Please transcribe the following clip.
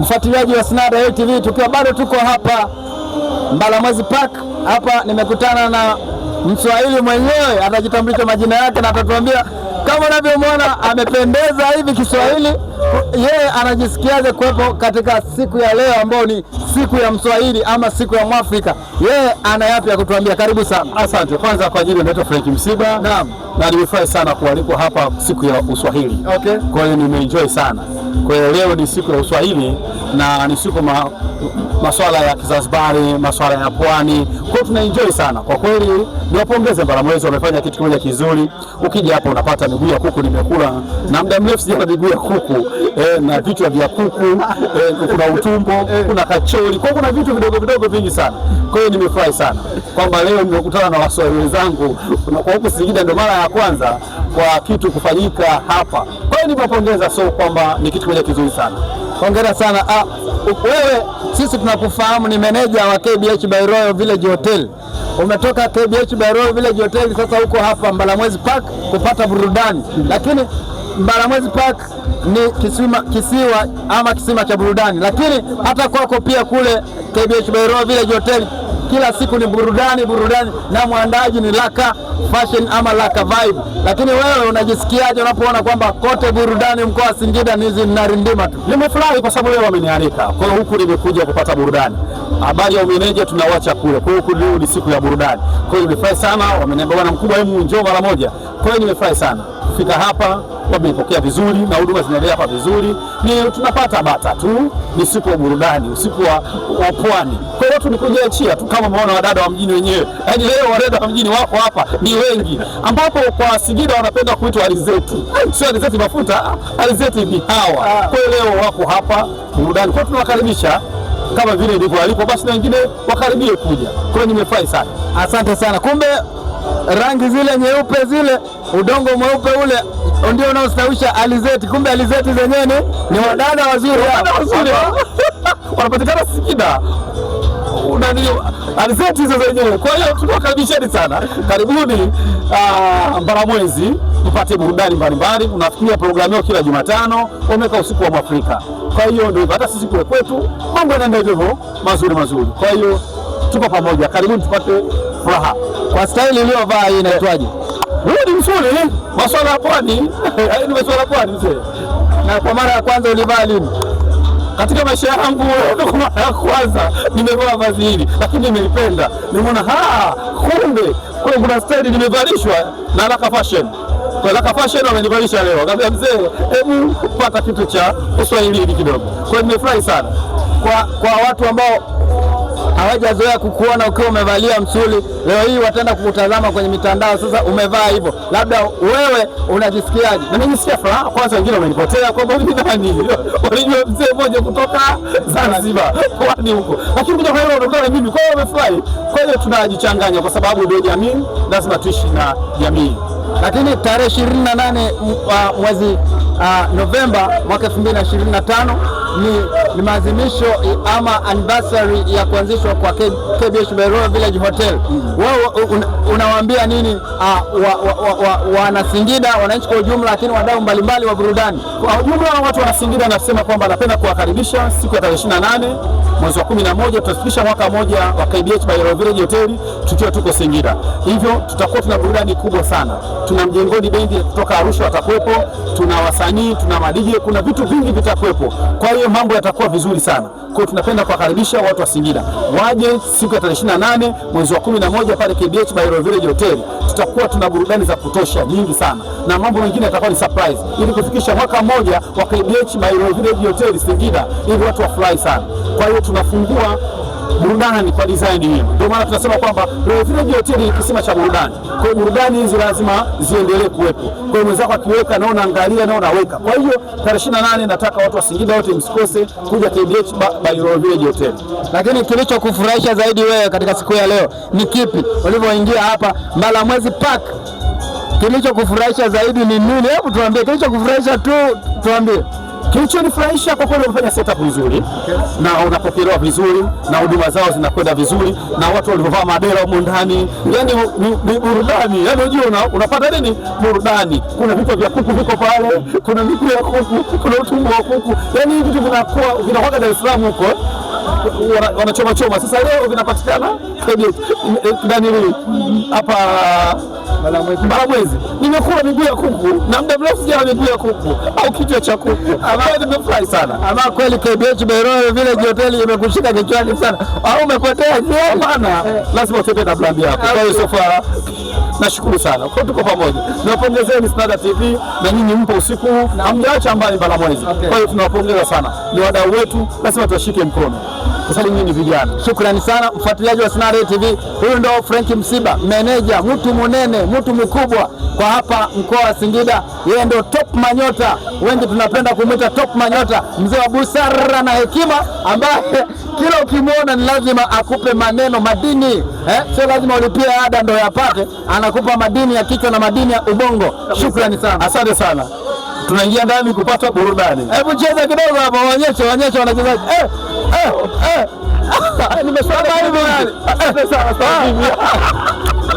mfuatiliaji wa Snada atv TV, tukiwa bado tuko hapa Mbalamwezi Park. Hapa nimekutana na Mswahili mwenyewe, atajitambulisha majina yake na atatuambia kama unavyomwona amependeza hivi Kiswahili. Yeye anajisikiaje kuwepo katika siku ya leo ambayo ni siku ya Mswahili ama siku ya Mwafrika? Yeye ana yapi ya kutuambia? Karibu sana. Asante kwanza kwa ajili, naitwa Frank Msiba. Naam, na nimefurahi sana kualikwa hapa siku ya Uswahili. Okay, kwa hiyo nimeenjoy sana. Kwa hiyo leo ni siku ya Uswahili na ni siku ma masuala ya Kizanzibari, masuala ya pwani, kwa tuna enjoy sana kwa kweli. Niwapongeze mbaramwezi wamefanya kitu kimoja kizuri. Ukija hapa unapata miguu ya kuku, nimekula na muda mrefu sijala miguu ya kuku e, na vichwa vya kuku e, kuna utumbo kuna kachori, kwa kuna vitu vidogo vidogo vingi sana. Kwa hiyo nimefurahi sana kwamba leo nimekutana na Waswahili wenzangu kwa huku Singida, ndio mara ya kwanza kwa kitu kufanyika hapa. Kwa hiyo nimewapongeza, so kwamba ni kitu kimoja kizuri sana. Hongera sana ah wewe, sisi tunakufahamu ni meneja wa KBH by Royal Village Hotel. Umetoka KBH by Royal Village Hotel, sasa uko hapa Mbalamwezi Park kupata burudani, lakini Mbalamwezi Park ni kisima, kisiwa ama kisima cha burudani, lakini hata kwako pia kule KBH by Royal Village Hotel kila siku ni burudani burudani, na mwandaji ni Laka Fashion ama Laka Vibe. Lakini wewe unajisikiaje unapoona kwamba kote burudani mkoa wa Singida nizi narindima tu? Nimefurahi kwa sababu leo wamenialika, kwa hiyo huku nimekuja kupata burudani habari ya umeneja tunawacha kule. Kwa hiyo leo ni siku ya burudani, kwa hiyo nimefurahi sana. Wameniambia bwana mkubwa, hebu njoo mara moja. Kwa hiyo nimefurahi sana kufika hapa, wamenipokea vizuri na huduma zinaendelea hapa vizuri, ni tunapata bata tu. Ni siku ya burudani, usiku wa pwani. Kwa hiyo tunikujia chia tu, kama umeona wadada wa mjini wenyewe, yaani leo wadada wa mjini wako hapa ni wengi, ambapo kwa Singida wanapenda kuitwa alizeti, sio alizeti mafuta, alizeti mihawa. Ah. Kwa hiyo leo wako hapa burudani, kwa hiyo tunawakaribisha kama vile ndivyo alipo, basi na wengine wakaribie kuja. Kwa hiyo nimefurahi sana, asante sana. Kumbe rangi zile nyeupe zile, udongo mweupe ule ndio unaostawisha alizeti. Kumbe alizeti zenyewe ni wadada wazuri, wanapatikana Singida alizeti hizo zenyewe. Kwa hiyo tunawakaribisheni sana, karibuni ah, mbara mwezi mpate burudani mbalimbali. unafikiria programu yao kila Jumatano, wameweka usiku wa Mwafrika. Kwa hiyo ndio hata sisi kule kwetu mambo yanaenda hivyo mazuri mazuri. Kwa hiyo tuko pamoja, karibuni tupate furaha. Kwa staili iliyovaa hii inaitwaje? Huu ni mzuri, eh? maswala ya pwani, ni maswala ya pwani mzee. Na kwa mara ya kwanza ulivaa lini? katika maisha yangu kwa mara ya kwanza nimevaa vazi hili, lakini nimeipenda, Nimeona kumbe kuna stendi nimevalishwa na Laka Fashion. Kwa Laka Fashion wamenivalisha leo, akambia mzee, hebu pata kitu cha uswahilini kidogo. Kwa nimefurahi sana kwa, kwa watu ambao hawajazoea kukuona ukiwa umevalia msuli. Leo hii wataenda kukutazama kwenye mitandao, sasa umevaa hivyo, labda wewe unajisikiaje? Nimejisikia furaha kwanza, wengine wamenipotea kwamba mimi nani, walijua mzee mmoja kutoka Zanzibar kwani huko, lakini kuja kwa hilo unatokana mimi, kwa hiyo wamefurahi. Kwa hiyo tunajichanganya kwa sababu ndio jamii, lazima tuishi na jamii. Lakini tarehe ishirini na nane ah, mwezi ah, Novemba mwaka 2025 ni, ni maadhimisho ama anniversary ya kuanzishwa kwa KBH Byroma Village Hotel. Mm. Wewe un, unawaambia nini uh, wanasingida wa, wa, wa, wa wananchi kwa ujumla, lakini wadau mbalimbali wa burudani kwa ujumla? Watu wanasingida nasema kwamba napenda kuwakaribisha siku ya tarehe 28 mwezi wa 11 tutafikisha mwaka mmoja wa KBH Byroma Village Hotel tukiwa tuko Singida. Hivyo tutakuwa tuna burudani kubwa sana. Tuna mjengoni bendi kutoka Arusha watakuwepo, tuna wasanii, tuna madije, kuna vitu vingi vitakuwepo. Kwa hiyo mambo yatakuwa vizuri sana. Kwa hiyo tunapenda kuwakaribisha watu wa Singida waje siku ya tarehe 28 mwezi wa 11 pale KBH Royal Village Hotel. Tutakuwa tuna burudani za kutosha nyingi sana na mambo mengine yatakuwa ni surprise, ili kufikisha mwaka mmoja wa KBH Royal Village Hotel Singida, ili watu wafurahi sana. Kwa hiyo tunafungua burudani kwa design hiyo. Ndio maana tunasema kwamba Royal Village Hotel ni kisima cha burudani. Kwa hiyo burudani hizi lazima ziendelee kuwepo. Kwa hiyo mwenzako akiweka nao naangalia nao naweka. Kwa hiyo tarehe 28 nataka watu wa Singida wote msikose kuja KBH by Royal Village Hotel. Lakini kilichokufurahisha zaidi wewe katika siku ya leo ni kipi? Ulivyoingia hapa mbala Mwezi Park kilichokufurahisha zaidi ni nini? Hebu tuambie kilichokufurahisha tu tuambie. Kilichonifurahisha kwa kweli, wamefanya setup nzuri na unapokelewa vizuri na huduma zao zinakwenda vizuri na watu waliovaa madera humo ndani, yani ni burudani. Yani unajua unapata nini burudani. Kuna vichwa vya kuku viko pale, kuna miguu ya kuku, kuna utumbo wa kuku, yani hivi vitu vinakuwa vinakwenda Dar es Salaam huko choma. Sasa leo vinapatikana ndani eh, hapa mwezi nimekula miguu ya kuku na muda mrefu sijala miguu ya kuku au kichwa cha kuku. Nimefurahi sana ama kweli. KBH Beroe Village hoteli imekushika kichwani sana, au umepotea? Maana eh, eh. lazima utembee na brandi yako. Kwa hiyo sofa Nashukuru sana kwa tuko pamoja. Niwapongezeni Snada TV na nyinyi mpo usiku huu, hamjaacha mbali mwezi. Kwa hiyo tunawapongeza sana, ni wadau wetu, lazima tuwashike mkono kwa nyinyi vijana. Shukrani sana mfuatiliaji wa Sinara TV. Huyu ndo Frank Msiba, meneja, mtu munene, mtu mkubwa kwa hapa mkoa wa Singida. Yeye ndo top manyota, wengi tunapenda kumwita top manyota, mzee wa busara na hekima, ambaye kila ukimwona ni lazima akupe maneno madini, eh? Sio lazima ulipie ada ndo yapate, anakupa madini ya kichwa na madini ya ubongo. Shukrani sana, asante sana tunaingia ndani kupata burudani. Hebu cheza kidogo hapa, waonyeshe waonyeshe wanachezaji. Eh, eh, eh, nimesema hivi yani. Sasa sana.